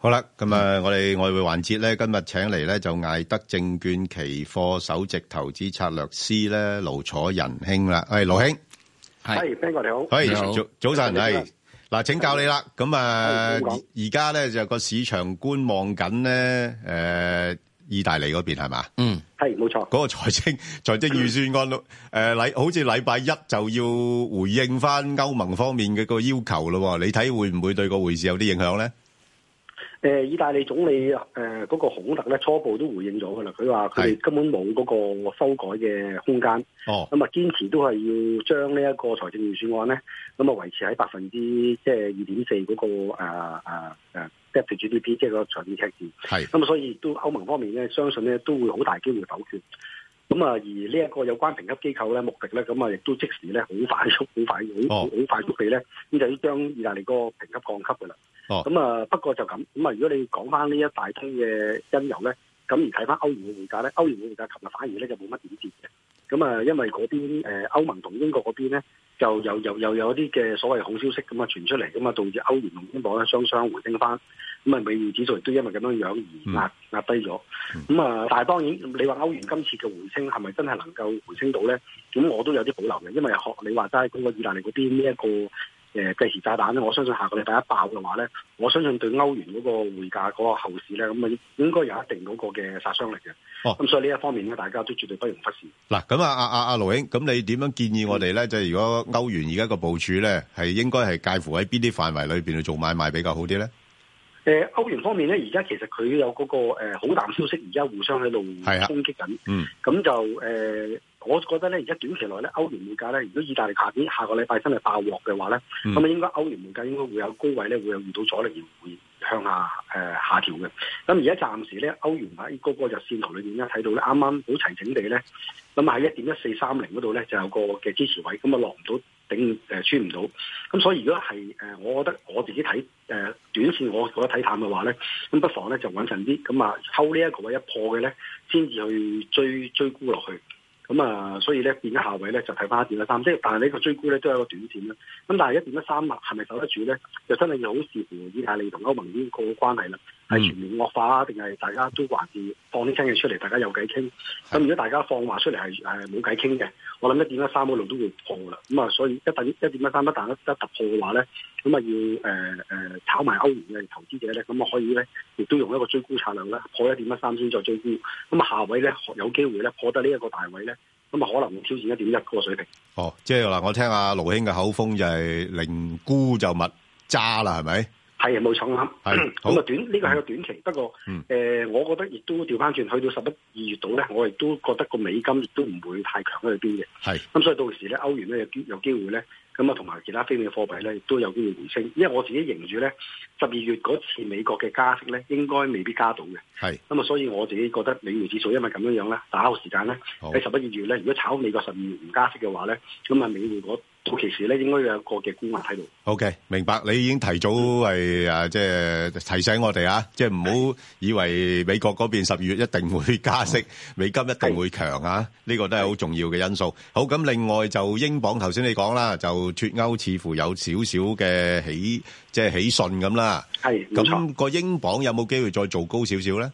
好啦，咁誒，我哋外匯環節咧，今日請嚟咧就艾德證券期貨首席投資策略師咧盧楚仁兄啦。係盧兄，係邊個？你好，你好，早早晨係嗱，請教你啦。咁誒，而而家咧就個市場觀望緊咧，誒，意大利嗰邊係嘛？嗯，係冇錯，嗰個財政財政預算案，誒禮好似禮拜一就要回應翻歐盟方面嘅個要求咯。你睇會唔會對個匯市有啲影響咧？誒，意大利總理誒嗰、呃那個孔特咧初步都回應咗噶啦，佢話佢根本冇嗰個修改嘅空間，咁啊堅持都係要將呢一個財政預算案咧，咁啊維持喺百分之即係二點四嗰個、呃、啊啊啊 debt to GDP 即係個財政赤字，咁啊所以都歐盟方面咧相信咧都會好大機會否決。咁啊，而呢一個有關評級機構咧，目的咧，咁啊，亦都即時咧，好快速，好快，好好、哦、快速地咧，咁就要將意大利個評級降級㗎啦。咁、哦、啊，不過就咁，咁啊，如果你講翻呢一大堆嘅因由咧，咁而睇翻歐元嘅匯價咧，歐元嘅匯價琴日反而咧就冇乜點跌嘅。咁啊，因為嗰邊誒歐盟同英國嗰邊咧，就又又又有啲嘅所謂好消息咁啊，傳出嚟咁啊，導致歐元同英鎊咧雙雙回升翻，咁啊美元指數都因為咁樣樣而壓壓低咗。咁、嗯、啊，但係當然你話歐元今次嘅回升係咪真係能夠回升到咧？咁我都有啲保留嘅，因為學你話齋嗰個意大利嗰邊呢一個。誒，計時炸彈咧，我相信下個禮拜一爆嘅話咧，我相信對歐元嗰個匯價嗰個後市咧，咁啊應該有一定嗰個嘅殺傷力嘅。哦，咁所以呢一方面咧，大家都絕對不容忽視。嗱，咁啊，阿阿阿盧英，咁你點樣建議我哋咧、嗯？就係如果歐元而家個部署咧，係應該係介乎喺邊啲範圍裏邊去做買賣比較好啲咧？誒、呃，歐元方面咧，而家其實佢有嗰、那個誒好淡消息，而家互相喺度係啊攻擊緊。嗯，咁就誒。呃我覺得咧，而家短期內咧，歐元匯價咧，如果意大利下邊下個禮拜真係爆鑊嘅話咧，咁、嗯、啊應該歐元匯價應該會有高位咧，會有遇到阻力而會向下誒、呃、下調嘅。咁而家暫時咧，歐元喺嗰個日線圖裏面咧睇到咧，啱啱好齊整地咧，咁喺一點一四三零嗰度咧就有個嘅支持位，咁啊落唔到頂誒、呃、穿唔到，咁所以如果係誒、呃，我覺得我自己睇誒、呃、短線，我覺得睇淡嘅話咧，咁不妨咧就穩陣啲，咁啊，抽呢一個位一破嘅咧，先至去追追沽落去。咁、嗯、啊，所以咧變咗下位咧就睇翻一點一三，即係但係呢個追沽咧都係一個短線啦。咁但係一點一三六係咪受得住咧？就真係要好視乎意大利同歐盟呢個關係啦。係、嗯、全面惡化定係大家都還是放啲新嘅出嚟，大家有偈傾？咁如果大家放話出嚟係誒冇偈傾嘅，我諗一點一三嗰度都會破啦。咁啊，所以一等一點一三一旦一突破嘅話咧，咁啊要誒誒、呃、炒埋歐元嘅投資者咧，咁啊可以咧，亦都用一個追沽策略咧，破一點一三先再追沽。咁啊下位咧有機會咧破得呢一個大位咧，咁啊可能會挑戰一點一嗰個水平。哦，即係嗱，我聽阿盧兄嘅口風就係、是、「寧沽就勿揸」啦，係咪？係啊，冇錯咁啊，是嗯、短呢、這個係個短期。不過，誒、嗯呃，我覺得亦都調翻轉，去到十一二月度咧，我亦都覺得個美金亦都唔會太強喺裏邊嘅。係。咁所以到時咧，歐元咧有機有機會咧，咁啊，同埋其他非美元貨幣咧，都有機會回升。因為我自己營住咧，十二月嗰次美國嘅加息咧，應該未必加到嘅。係。咁啊，所以我自己覺得美元指數因為咁樣樣咧，打後時間咧喺十一二月咧，如果炒美國十二月唔加息嘅話咧，咁啊，美元到其時咧應該有一個嘅觀望喺度。OK，明白。你已經提早係啊，即係提醒我哋啊，即係唔好以為美國嗰邊十二月一定會加息，美金一定會強啊。呢個都係好重要嘅因素。好，咁另外就英鎊，頭先你講啦，就脱歐似乎有少少嘅起，即係起信咁啦。係，冇錯。咁個英鎊有冇機會再做高少少咧？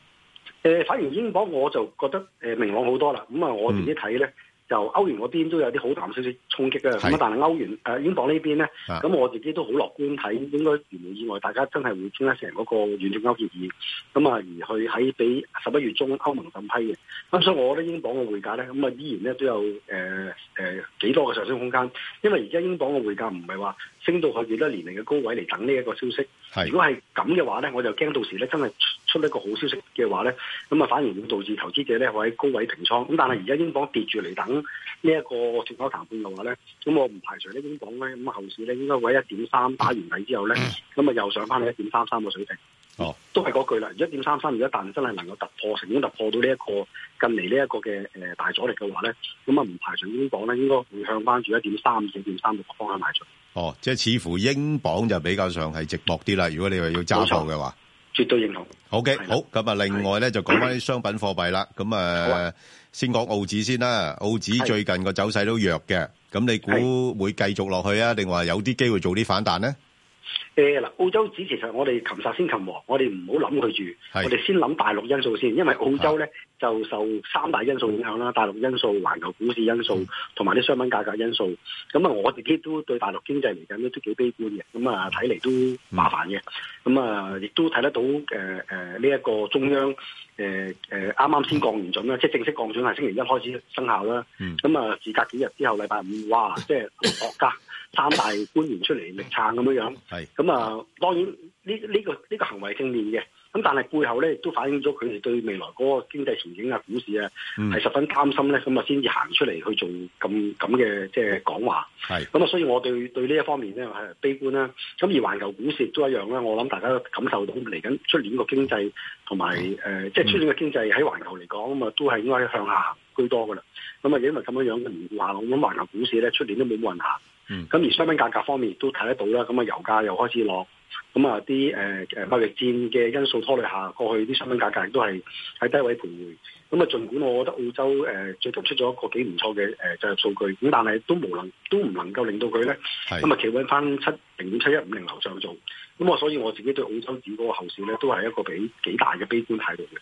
誒，反而英鎊我就覺得誒明朗好多啦。咁啊，我自己睇咧。就歐元嗰邊都有啲好淡少少衝擊嘅，咁但係歐元英鎊呢邊咧，咁我自己都好樂觀睇，應該無意外大家真係會傾得成嗰個完整歐協議，咁啊而佢喺俾十一月中歐盟審批嘅，咁所以我覺得英鎊嘅匯價咧，咁啊依然咧都有誒、呃呃、幾多嘅上升空間，因為而家英鎊嘅匯價唔係話升到去幾多年嚟嘅高位嚟等呢一個消息，如果係咁嘅話咧，我就驚到時咧真係。出呢個好消息嘅話咧，咁啊反而會導致投資者咧會喺高位平倉。咁但係而家英鎊跌住嚟等呢一個脫歐談判嘅話咧，咁我唔排除呢英鎊咧，咁後市咧應該會喺一點三打完底之後咧，咁啊又上翻去一點三三嘅水平。哦，都係嗰句啦，一點三三而一旦真係能夠突破，成功突破到呢一個近嚟呢一個嘅誒大阻力嘅話咧，咁啊唔排除英鎊咧應該會向翻住一點三四、一點三六嘅方向邁進。哦，即係似乎英鎊就比較上係寂寞啲啦。如果你話要揸貨嘅話。絕對認同，OK，好，咁啊，另外咧就講翻啲商品貨幣啦。咁啊，先講澳紙先啦。澳紙最近個走勢都弱嘅，咁你估會繼續落去啊？定話有啲機會做啲反彈咧？誒，嗱，澳洲指其實我哋擒賊先擒王，我哋唔好諗佢住，我哋先諗大陸因素先，因為澳洲咧就受三大因素影響啦、嗯，大陸因素、環球股市因素同埋啲商品價格因素。咁啊，我自己都對大陸經濟嚟緊都幾悲觀嘅，咁啊睇嚟都麻煩嘅。咁、嗯、啊，亦都睇得到，誒誒呢一個中央，誒誒啱啱先降完準啦，即、嗯、係、就是、正式降準係星期一開始生效啦。咁、嗯、啊，時隔幾日之後，禮拜五，哇，即係國家。三大官員出嚟力撐咁樣樣，係咁啊！當然呢呢、呢個呢、呢個行為正面嘅，咁但係背後咧都反映咗佢哋對未來嗰個經濟前景啊、股市啊係十分擔心咧，咁啊先至行出嚟去做咁咁嘅即係講話。係咁啊，所以我對對呢一方面咧係悲觀啦。咁而環球股市都一樣啦，我諗大家都感受到嚟緊出年個經濟同埋誒即係出年嘅經濟喺環球嚟講，咁啊都係應該向下居多噶啦。咁啊，因為咁樣樣嘅話，咁環球股市咧出年都冇乜運行。咁、嗯、而商品價格方面亦都睇得到啦，咁啊油價又開始落，咁啊啲誒誒貿易戰嘅因素拖累下，過去啲商品價格亦都係喺低位徘徊。咁啊，儘管我覺得澳洲誒、呃、最近出咗一個幾唔錯嘅誒就業數據，咁但係都無能都唔能夠令到佢咧咁啊企穩返七零點七一五零樓上做。咁我所以我自己對澳洲指嗰個後市咧都係一個比幾大嘅悲觀態度嘅。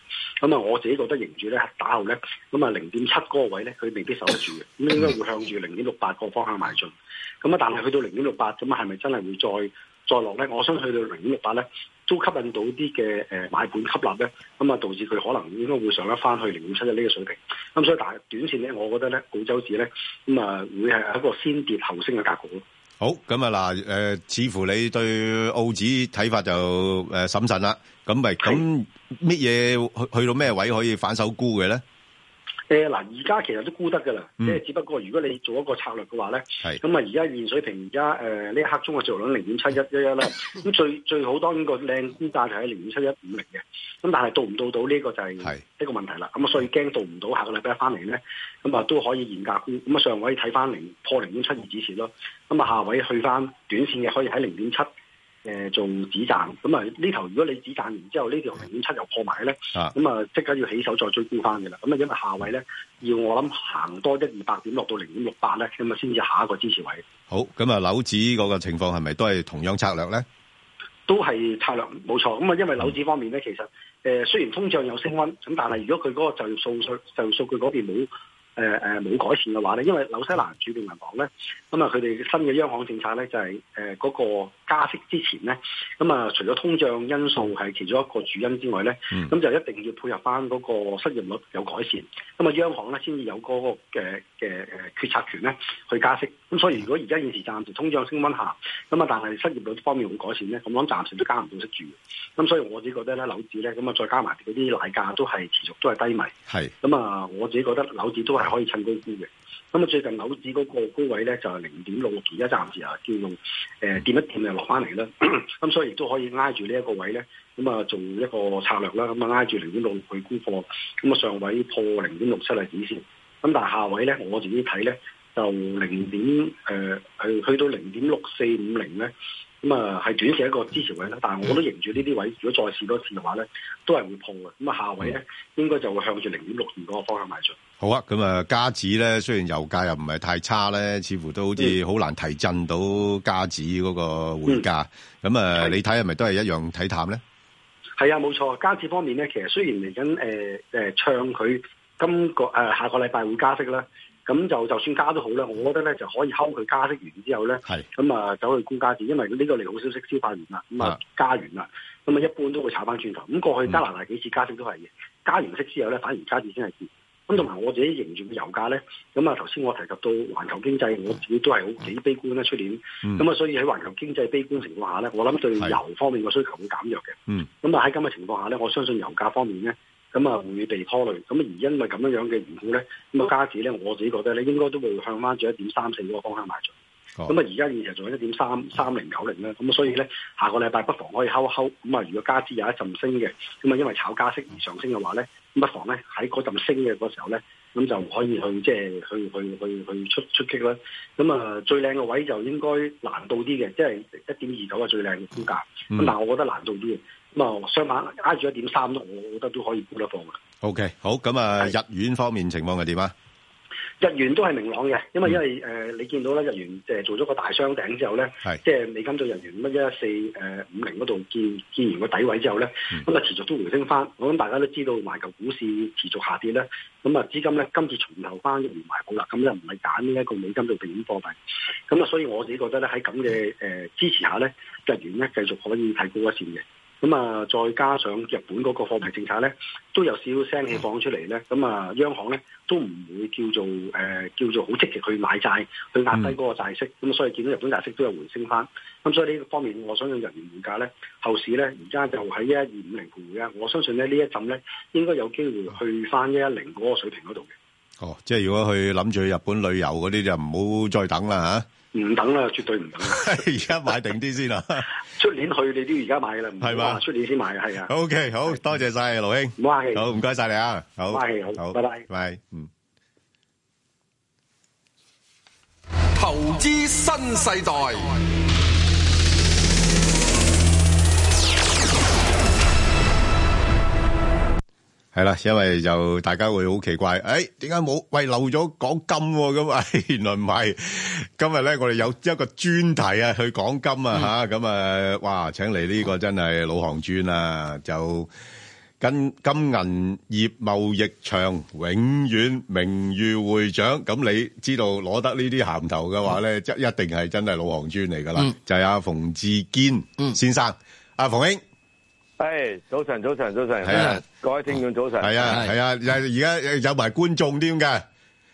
咁啊，我自己覺得迎住咧打後咧，咁啊零點七嗰個位咧佢未必守得住嘅，咁應該會向住零點六八個方向邁進。咁啊，但係去到零點六八咁啊，係咪真係會再？再落咧，我想去到零五六八咧，都吸引到啲嘅誒買盤吸納咧，咁、嗯、啊導致佢可能應該會上得翻去零五七一呢個水平，咁、嗯、所以大短線咧，我覺得咧，澳洲市咧，咁、嗯、啊、嗯、會係一個先跌後升嘅格局咯。好，咁啊嗱，誒、呃、似乎你對澳紙睇法就誒、呃、審慎啦，咁咪咁乜嘢去去到咩位可以反手沽嘅咧？嗱，而家其實都沽得㗎啦，即係只不過如果你做一個策略嘅話咧，咁啊而家現水平而家誒呢一刻鐘嘅造量零點七一一一啦，咁最最好當然個靚沽價就係零點七一五零嘅，咁但係到唔到到呢個就係一個問題啦，咁啊所以驚到唔到下個禮拜翻嚟咧，咁啊都可以現價沽，咁啊上位睇翻零破零點七二止蝕咯，咁啊下位去翻短線嘅可以喺零點七。誒，做止賺咁啊，呢頭如果你止賺完之後，呢條零點七又破埋咧，咁啊即刻要起手再追沽翻嘅啦。咁啊，因為下位咧要我諗行多一二百點落到零點六八咧，咁啊先至下一個支持位。好，咁啊，樓指嗰個情況係咪都係同樣策略咧？都係策略冇錯。咁啊，因為樓指方面咧、嗯，其實誒雖然通脹有升溫，咁但係如果佢嗰個就業數就業數據嗰邊冇。誒誒冇改善嘅話咧，因為紐西蘭主力建房咧，咁啊佢哋新嘅央行政策咧就係誒嗰個加息之前咧，咁、嗯、啊除咗通脹因素係其中一個主因之外咧，咁、嗯、就一定要配合翻嗰個失業率有改善，咁、嗯、啊央行咧先至有嗰個嘅嘅誒決策權咧去加息。咁、嗯、所以如果而家現時暫時通脹升温下，咁、嗯、啊但係失業率方面冇改善咧，咁樣暫時都加唔到息住。咁、嗯、所以我自己覺得咧樓市咧，咁啊再加埋嗰啲奶價都係持續都係低迷。係。咁、嗯、啊我自己覺得樓市都係係可以趁高沽嘅，咁啊最近樓指嗰個高位咧就係零點六六，而家暫時叫、呃、點點 啊叫用誒點一點就落翻嚟啦，咁所以亦都可以挨住呢一個位咧，咁啊做一個策略啦，咁啊挨住零點六六去沽貨，咁啊上位破零點六七係止蝕，咁但係下位咧，我自己睇咧就零點誒去、呃、去到零點六四五零咧。咁、嗯、啊，係短線一個支持位啦，但係我都迎住呢啲位，如果再試多次嘅話咧，都係會碰嘅。咁啊，下位咧應該就會向住零點六二嗰個方向邁進。好啊，咁啊，加指咧，雖然油價又唔係太差咧，似乎都好似好難提振到加指嗰個匯價。咁、嗯、啊，你睇係咪都係一樣睇淡咧？係啊，冇錯，加指方面咧，其實雖然嚟緊誒誒唱佢今個誒、呃、下個禮拜會加息啦。咁就就算加都好啦，我覺得咧就可以睺佢加息完之後咧，咁啊走去沽價字，因為呢個利好消息消化完啦，咁啊加完啦，咁啊一般都會炒翻轉頭。咁過去加拿大幾次加息都係嘅，嗯，加完息之後咧反而價字先係跌。咁同埋我自己認住個油價咧，咁啊頭先我提及到環球經濟，我自己都係好幾悲觀咧。出年咁啊，嗯，所以喺環球經濟悲觀情況下咧，我諗對油方面個需求會減弱嘅。咁啊喺咁嘅情況下咧，我相信油價方面咧。咁、嗯、啊會被拖累，咁而因為咁樣樣嘅緣故咧，咁啊加紙咧我自己覺得咧應該都會向翻住一點三四嗰個方向買進。咁啊而家現時仲喺一點三三零九零咧，咁所以咧下個禮拜不妨可以睺睺。咁啊如果加紙有一陣升嘅，咁啊因為炒加息而上升嘅話咧，咁不妨咧喺嗰陣升嘅嗰時候咧，咁就可以去即係去去去去，去出出擊啦。咁啊最靚嘅位就應該難度啲嘅，即係一點二九啊最靚嘅估價。咁、mm. 但係我覺得難度啲嘅。咁啊，相反挨住一點三咯，我覺得都可以估得過嘅。O、okay, K，好咁啊，日元方面情況係點啊？日元都係明朗嘅，因為因為誒、嗯呃，你見到咧，日元即係做咗個大雙頂之後咧，即係美金對日元乜一四誒五零嗰度見見完個底位之後咧，咁、嗯、啊持續都回升翻。我諗大家都知道，環球股市持續下跌咧，咁啊資金咧今次重投翻唔幣股啦，咁又唔係揀呢一個美金對避險貨幣，咁啊所以我自己覺得咧喺咁嘅誒支持下咧，日元咧繼續可以睇高一線嘅。咁啊，再加上日本嗰個貨幣政策咧，都有少少聲氣放出嚟咧。咁啊，央行咧都唔會叫做誒叫做好積極去買債，去壓低嗰個債息。咁、嗯、所以見到日本債息都有回升翻。咁所以呢個方面，我相信日元匯價咧，後市咧而家就喺一一二五零徘徊啊。我相信咧呢一陣咧，應該有機會去翻一一零嗰個水平嗰度嘅。哦，即係如果去諗住去日本旅遊嗰啲，就唔好再等啦嚇。唔等啦，絕對唔等。而 家買定啲先啦，啊。出年去你都要而家買噶啦，係嘛？出年先買係係啊。O、okay, K，好多謝晒，盧兄。好，唔該晒你啊。好，好，拜拜。拜嗯。投資新世代。係啦，因為就大家會好奇怪，誒，點解冇？喂，漏咗講金咁啊？原來唔係，今日咧，我哋有一個專題啊，去講金啊，吓咁啊，哇，請嚟呢個真係老行專啊，就跟金銀業貿易場永遠名譽會長，咁你知道攞得呢啲銜頭嘅話咧，即係一定係真係老行專嚟噶啦，就係阿馮志堅先生，阿馮兄。誒，早晨，早晨，早晨，係啊！各位聽眾早晨，係啊，係啊，而而家有埋觀眾添㗎，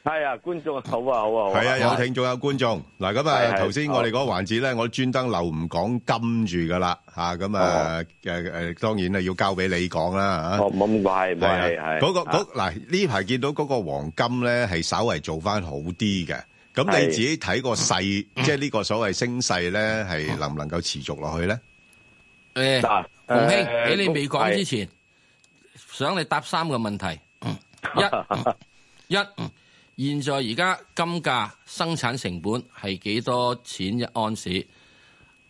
係啊，觀眾好啊，好啊，係啊，有聽眾有觀眾。嗱，咁啊，頭先我哋嗰個環節咧，我專登留唔講金住噶啦，吓咁啊，誒誒，當然啊，要交俾你講啦吓。冇咁快，係嗰個嗰嗱呢排見到嗰個黃金咧，係稍為做翻好啲嘅。咁你自己睇個勢，即係呢個所謂升勢咧，係能唔能夠持續落去咧？誒。洪兄，喺你未講之前，想你答三個問題。一、一，現在而家金價生產成本係幾多錢一安士？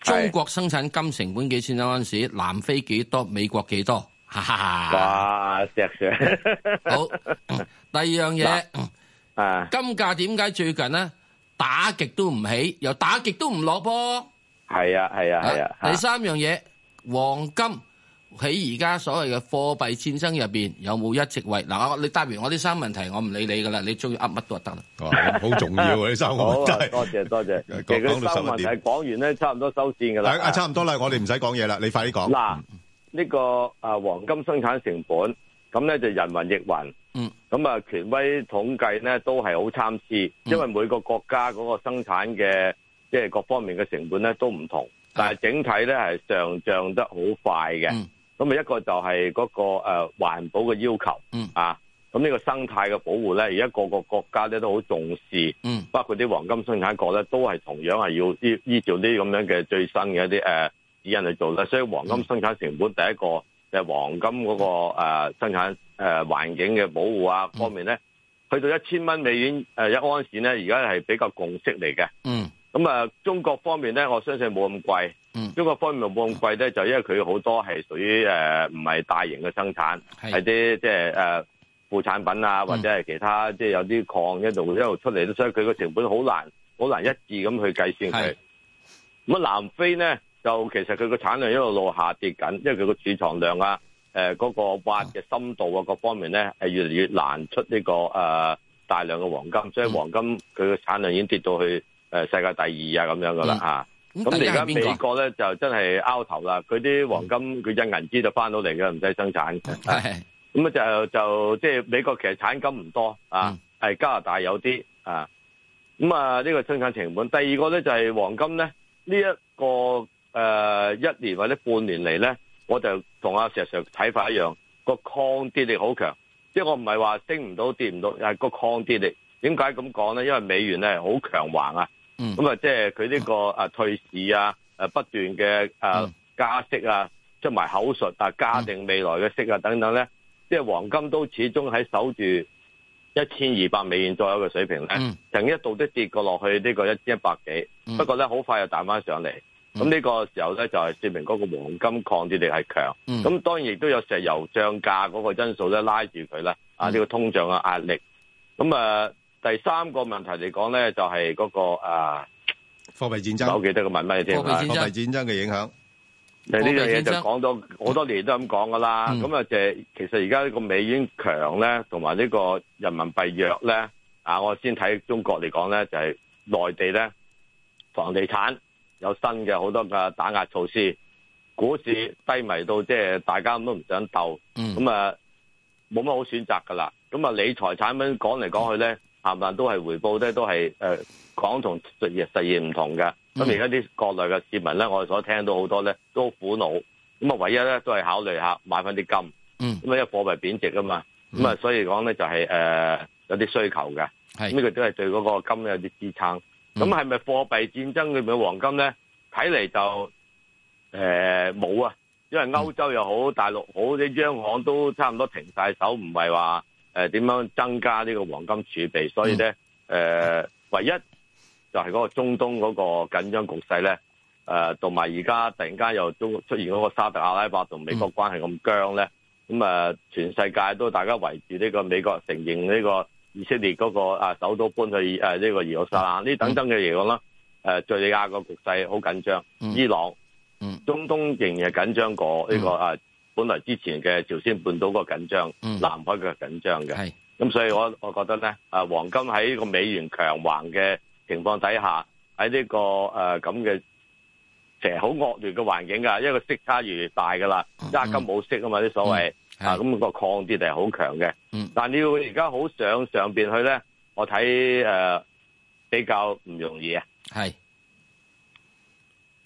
中國生產金成本幾錢一安士？南非幾多？美國幾多？哇！石上。好，第二樣嘢，啊，金價點解最近呢打極都唔起，又打極都唔落波？係啊，係啊，係啊。第三樣嘢。黃金喺而家所謂嘅貨幣戰爭入邊有冇一席位？嗱、啊，我你答完我呢三問題，我唔理你噶啦，你中意噏乜都得啦。好、哦、重要啊！呢 三個真、啊、多謝多謝。其實，其實三問題講完咧，差唔多收線噶啦。啊，差唔多啦，我哋唔使講嘢啦，你快啲講。嗱，呢、這個啊黃金生產成本咁咧就人云亦云，嗯，咁啊權威統計咧都係好參差、嗯，因為每個國家嗰個生產嘅即係各方面嘅成本咧都唔同。但係整體咧係上漲得好快嘅，咁、嗯、啊一個就係嗰、那個誒、呃、環保嘅要求、嗯、啊，咁呢個生態嘅保護咧，而家各個國家咧都好重視，嗯、包括啲黃金生產國咧都係同樣係要依依照啲咁樣嘅最新嘅一啲誒指引去做啦。所以黃金生產成本第一個嘅、嗯就是、黃金嗰、那個、呃、生產誒環、呃、境嘅保護啊、嗯、方面咧，去到一千蚊美元誒、呃、一盎司咧，而家係比較共識嚟嘅。嗯。咁啊，中國方面咧，我相信冇咁貴。中國方面冇咁貴咧，就因為佢好多係屬於誒唔係大型嘅生產，係啲即係誒副產品啊，或者係其他、嗯、即係有啲礦一路一路出嚟，所以佢個成本好難好難一致咁去計算佢。咁啊，南非咧就其實佢個產量一路落下跌緊，因為佢個儲藏量啊、誒、呃、嗰、那個挖嘅、啊、深度啊，各方面咧係越嚟越難出呢、這個誒、呃、大量嘅黃金，所以黃金佢個、嗯、產量已經跌到去。誒，世界第二啊，咁樣噶啦吓，咁而家美國咧就真係拗頭啦，佢啲黃金佢印銀紙就翻到嚟嘅，唔、嗯、使生產係，咁啊、嗯、就就即係美國其實產金唔多啊，係、嗯、加拿大有啲啊，咁、嗯、啊呢、個生產成本。第二個咧就係、是、黃金咧呢一、個誒、呃、一年或者半年嚟咧，我就同阿石 sir 睇法一樣，個抗跌力好強。即、就、係、是、我唔係話升唔到跌唔到，係、啊個抗跌力。點解咁講咧？因為美元咧好強橫啊。咁、嗯、啊，即係佢呢個啊退市啊，誒、嗯啊、不斷嘅誒加息啊，出、嗯、埋口述啊，加定未來嘅息啊等等咧，即、就、係、是、黃金都始終喺守住一千二百美元左右嘅水平咧、嗯，曾經一度都跌過落去呢個一千一百幾，不過咧好快又彈翻上嚟。咁呢個時候咧就係、是、證明嗰個黃金抗跌力係強。咁當然亦都有石油漲價嗰個因素咧拉住佢啦，啊呢、這個通脹嘅壓力。咁啊～、呃第三個問題嚟講咧，就係、是、嗰、那個啊貨幣戰爭，我記得個問乜嘢先啊？貨幣戰爭嘅影響，呢樣嘢就講咗好多年都咁講噶啦。咁、嗯、啊，即係其實而家呢個美元強咧，同埋呢個人民幣弱咧啊，我先睇中國嚟講咧，就係、是、內地咧，房地產有新嘅好多嘅打壓措施，股市低迷到即係大家咁都唔想鬥，咁啊冇乜好選擇噶啦。咁啊，理財產品講嚟講去咧。嗯冚唪唥都係回報咧，都係誒、呃、講同實現實、嗯、現唔同嘅。咁而家啲國內嘅市民咧，我哋所聽到好多咧都好苦惱。咁啊，唯一咧都係考慮下買翻啲金。嗯。咁啊，因為貨幣貶值啊嘛。咁、嗯、啊，所以講咧就係、是、誒、呃、有啲需求嘅。係。呢個都係對嗰個金有啲支撐。咁係咪貨幣戰爭裏面嘅黃金咧？睇嚟就誒冇、呃、啊，因為歐洲又好，大陸好，啲央行都差唔多停晒手，唔係話。誒、呃，點樣增加呢個黃金儲備？所以咧，誒、呃，唯一就係嗰個中東嗰個緊張局勢咧，誒、呃，同埋而家突然間又中出現嗰個沙特阿拉伯同美國關係咁僵咧，咁、呃、啊，全世界都大家圍住呢個美國承認呢個以色列嗰個啊首都搬去誒呢、呃這個耶路撒冷，呢等等嘅嘢講啦。誒、嗯，敘利亞個局勢好緊張，伊朗、嗯嗯、中東仍然係緊張過呢、這個啊。嗯嗯本來之前嘅朝鮮半島個緊張，南海嘅係緊張嘅，咁所以我我覺得咧，啊黃金喺個美元強橫嘅情況底下，喺呢、這個誒咁嘅成日好惡劣嘅環境噶，因為個息差越嚟越大噶啦，揸金冇息啊嘛，啲所謂啊咁、那個抗跌係好強嘅，但你要而家好上上邊去咧，我睇誒、呃、比較唔容易啊，係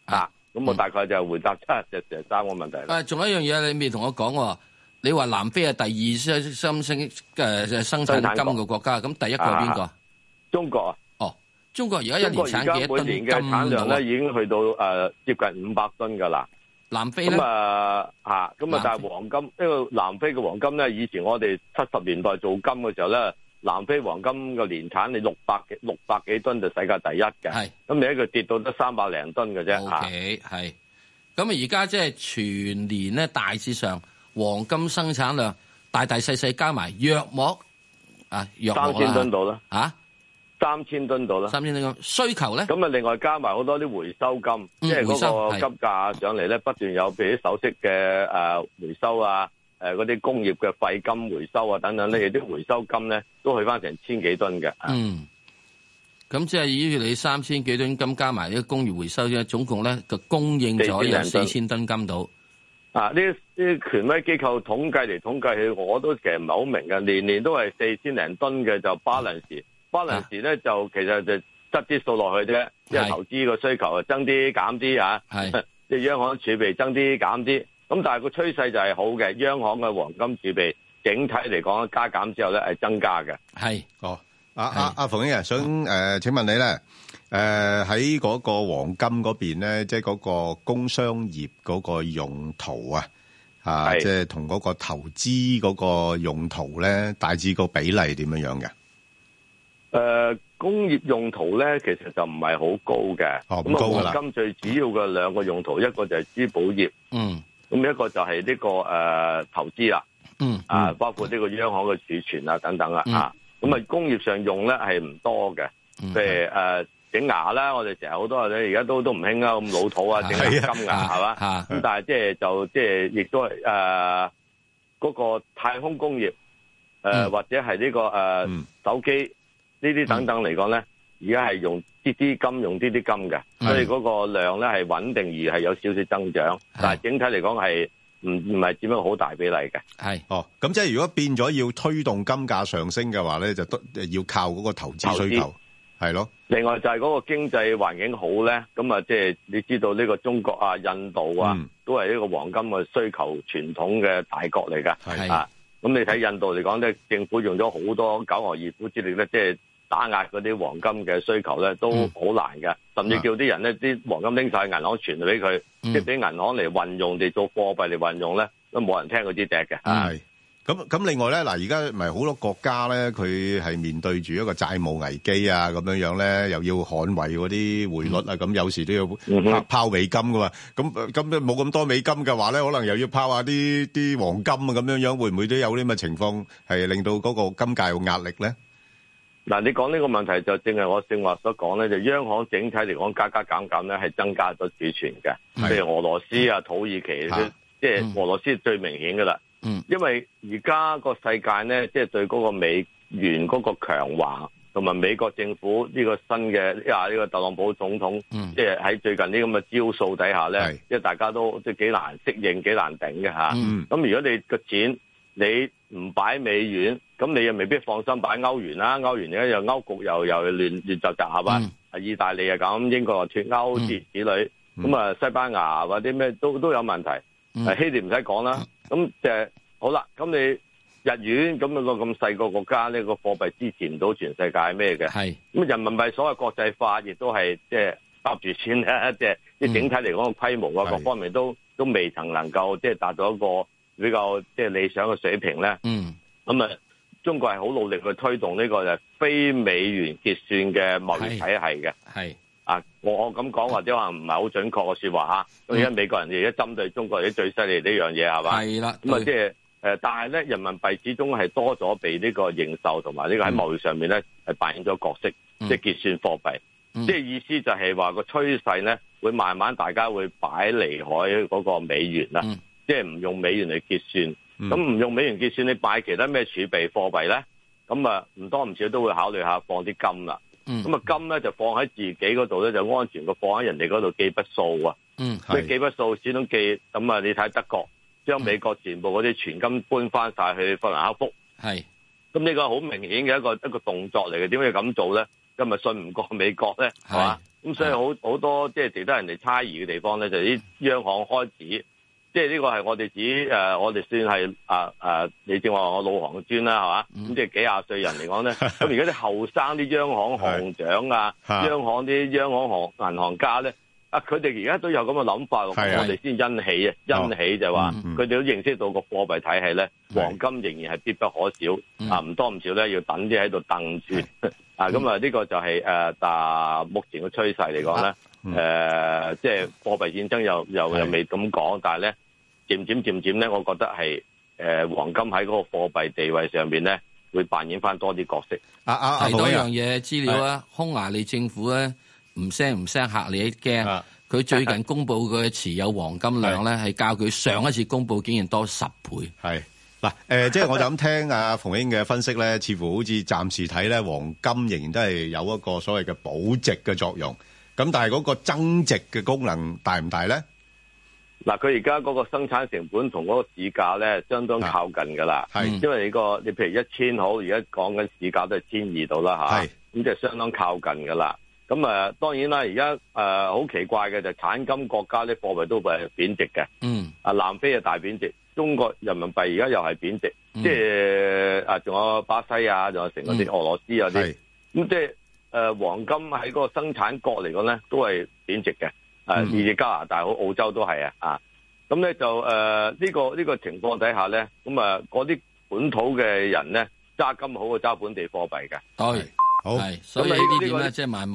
啊。咁、嗯、我大概就回答七、就成三個問題。誒、嗯，仲有一樣嘢你未同我講喎？你話南非係第二生、生升誒生產金嘅國家，咁第一個係邊個？中國啊？哦，中國而家一年產幾多噸金？年嘅產量咧已經去到誒、呃、接近五百噸噶啦。南非咧？咁啊吓、咁、呃、啊、嗯、但係黃金，呢個南非嘅黃金咧，以前我哋七十年代做金嘅時候咧。南非黃金嘅年產你六百幾六百幾噸就世界第一嘅，咁而家佢跌到得三百零噸嘅啫嚇。係，咁啊而家即係全年咧大致上黃金生產量大大細細加埋約莫，啊約三千噸度啦嚇，三、啊、千噸度啦。三千噸需求咧？咁啊另外加埋好多啲回收金，即係嗰個金價上嚟咧不斷有，譬如啲首飾嘅誒、啊、回收啊。誒、啊，嗰啲工業嘅廢金回收啊，等等呢啲回收金咧都去翻成千幾噸嘅。嗯，咁即係以你三千幾噸金加埋呢個工業回收，咧總共咧就供應咗有四千噸金度。啊，呢啲權威機構統計嚟，統計，我都其實唔係好明㗎。年年都係四千零噸嘅就 balance，balance 呢，咧就其實就執啲數落去啫，即、啊、係投資個需求就增啲減啲啊，即係、啊、央行儲備就增啲減啲。減 咁但係個趨勢就係好嘅，央行嘅黃金儲備整體嚟講，加減之後咧係增加嘅。係哦，阿阿阿馮英啊，想誒、呃，請問你咧誒喺嗰個黃金嗰邊咧，即係嗰個工商業嗰個用途啊，即係同嗰個投資嗰個用途咧，大致個比例點樣樣嘅？誒、呃，工業用途咧，其實就唔係好高嘅。哦，咁高啦，黃金最主要嘅兩個用途，一個就係珠寶業。嗯。咁一個就係呢、呢個誒、呃、投資啦，嗯啊，包括呢個央行嘅儲存啊等等啦、嗯、啊，咁啊工業上用咧係唔多嘅，即係誒整牙啦，我哋成日好多咧，而家都都唔興啊咁老土啊整金牙係嘛，咁、 啊啊啊、但係即係就即係亦都誒嗰、呃那個太空工業誒、呃嗯、或者係呢、呢個誒、呃、手機呢啲等等嚟講咧，而家係用。啲啲金融啲啲金嘅，所以嗰個量咧係穩定而係有少少增長。但係整體嚟講，係唔唔係佔到好大比例嘅。係哦，咁即係如果變咗要推動金價上升嘅話咧，就都要靠嗰個投資需求係咯。另外就係嗰個經濟環境好咧，咁啊即係你知道呢個中國啊、印度啊、嗯、都係一個黃金嘅需求傳統嘅大國嚟㗎。係啊，咁你睇印度嚟講咧，政府用咗好多九牛二虎之力咧，即係。打壓嗰啲黃金嘅需求咧，都好難㗎。甚至叫啲人咧，啲黃金拎晒銀行存俾佢，即係俾銀行嚟運用，嚟做貨幣嚟運用咧，都冇人聽嗰啲嘢嘅。係咁咁，另外咧，嗱而家咪好多國家咧，佢係面對住一個債務危機啊，咁樣樣咧，又要捍衛嗰啲匯率啊，咁有時都要拋美金㗎嘛。咁咁冇咁多美金嘅話咧，可能又要拋下啲啲黃金啊，咁樣樣會唔會都有啲咁嘅情況係令到嗰個金價有壓力咧？嗱，你講呢個問題就正係我正話所講咧，就央行整體嚟講加加減減咧，係增加咗儲存嘅，譬如俄羅斯啊、土耳其即係、就是、俄羅斯最明顯㗎啦。嗯，因為而家個世界咧，即、就、係、是、對嗰個美元嗰個強化，同埋美國政府呢個新嘅啊呢個特朗普總統，即係喺最近呢咁嘅招數底下咧，即、就是、大家都即係幾難適應、幾難頂嘅嚇。咁如果你個錢你唔擺美元。咁你又未必放心擺歐元啦，歐元咧又歐局又又亂亂雜雜係嘛？啊、嗯，意大利啊咁，英國又脫歐之類，咁、嗯、啊西班牙嗰啲咩都都有問題。嗯、啊，希臘唔使講啦。咁即係好啦。咁你日元咁個咁細個國家呢、個貨幣支持唔到全世界咩嘅？咁人民幣所謂國際化亦都係即係搭住錢啦，即係啲整體嚟講個規模啊、嗯、各方面都都未曾能夠即係達到一個比較即係、就是、理想嘅水平咧。嗯。咁啊～中國係好努力去推動呢個就非美元結算嘅貿易體系嘅。係啊，我咁講或者話唔係好準確嘅説話吓。咁而家美國人而家針對中國啲最犀利呢樣嘢係嘛？係啦。咁啊，即係誒，但係咧人民幣始終係多咗被呢個認受同埋呢個喺貿易上面咧係扮演咗角色，即係結算貨幣。即、嗯、係、嗯就係、意思就係話個趨勢咧會慢慢大家會擺離開嗰個美元啦，即係唔用美元嚟結算。咁、嗯、唔用美元結算，你買其他咩儲備貨幣咧？咁啊，唔多唔少都會考慮下放啲金啦。咁、嗯、啊，金咧就放喺自己嗰度咧，就安全過放喺人哋嗰度記筆數啊。嗯，即係記筆數先都記。咁啊，你睇德國將美國全部嗰啲全金搬翻晒去法蘭克福。係。咁呢個好明顯嘅一個一個動作嚟嘅，點解要咁做咧？咁咪信唔過美國咧？係嘛？咁所以好好多即係值得人哋猜疑嘅地方咧，就啲、是、央行開始。即係呢個係我哋自己誒、呃，我哋算係啊啊，你正話我老行專啦，係嘛？咁、嗯、即係幾廿歲人嚟講咧，咁而家啲後生啲央行行長啊，央行啲央行行銀行家咧，啊佢哋而家都有咁嘅諗法，我哋先欣喜啊、哦！欣喜就係話佢哋都認識到個貨幣體系咧、嗯，黃金仍然係必不可少、嗯、啊，唔多唔少咧要等啲喺度掟住啊！咁啊，呢、嗯這個就係、是、誒、呃，但目前嘅趨勢嚟講咧，誒、啊嗯呃、即係貨幣戰爭又又又未咁講，但係咧。漸漸漸漸咧，我覺得係誒黃金喺嗰個貨幣地位上邊咧，會扮演翻多啲角色。啊啊提到一樣嘢資料啦，匈牙利政府咧唔聲唔聲嚇你一驚，佢最近公布嘅持有黃金量咧，係較佢上一次公布竟然多十倍。係嗱誒，即係我就咁聽阿馮英嘅分析咧，似乎好似暫時睇咧黃金仍然都係有一個所謂嘅保值嘅作用。咁但係嗰個增值嘅功能大唔大咧？嗱，佢而家嗰個生產成本同嗰個市價咧，相當靠近㗎啦。因為呢、呢個你譬如一千好，而家講緊市價都係千二度啦，咁即係相當靠近㗎啦。咁啊、呃，當然啦，而家誒好奇怪嘅就是、產金國家呢貨幣都係貶值嘅。嗯。啊，南非又大貶值，中國人民幣而家又係貶值，即係啊，仲、呃、有巴西啊，仲有成嗰啲俄羅斯啊啲。咁即係誒黃金喺嗰個生產國嚟講咧，都係貶值嘅。誒、嗯，而加拿大好，澳洲都係啊！啊，咁咧就誒呢、呃這個呢、這個情況底下咧，咁啊嗰啲本土嘅人咧，揸金好過揸本地貨幣嘅，對好，係，所以呢啲咧即係買賣。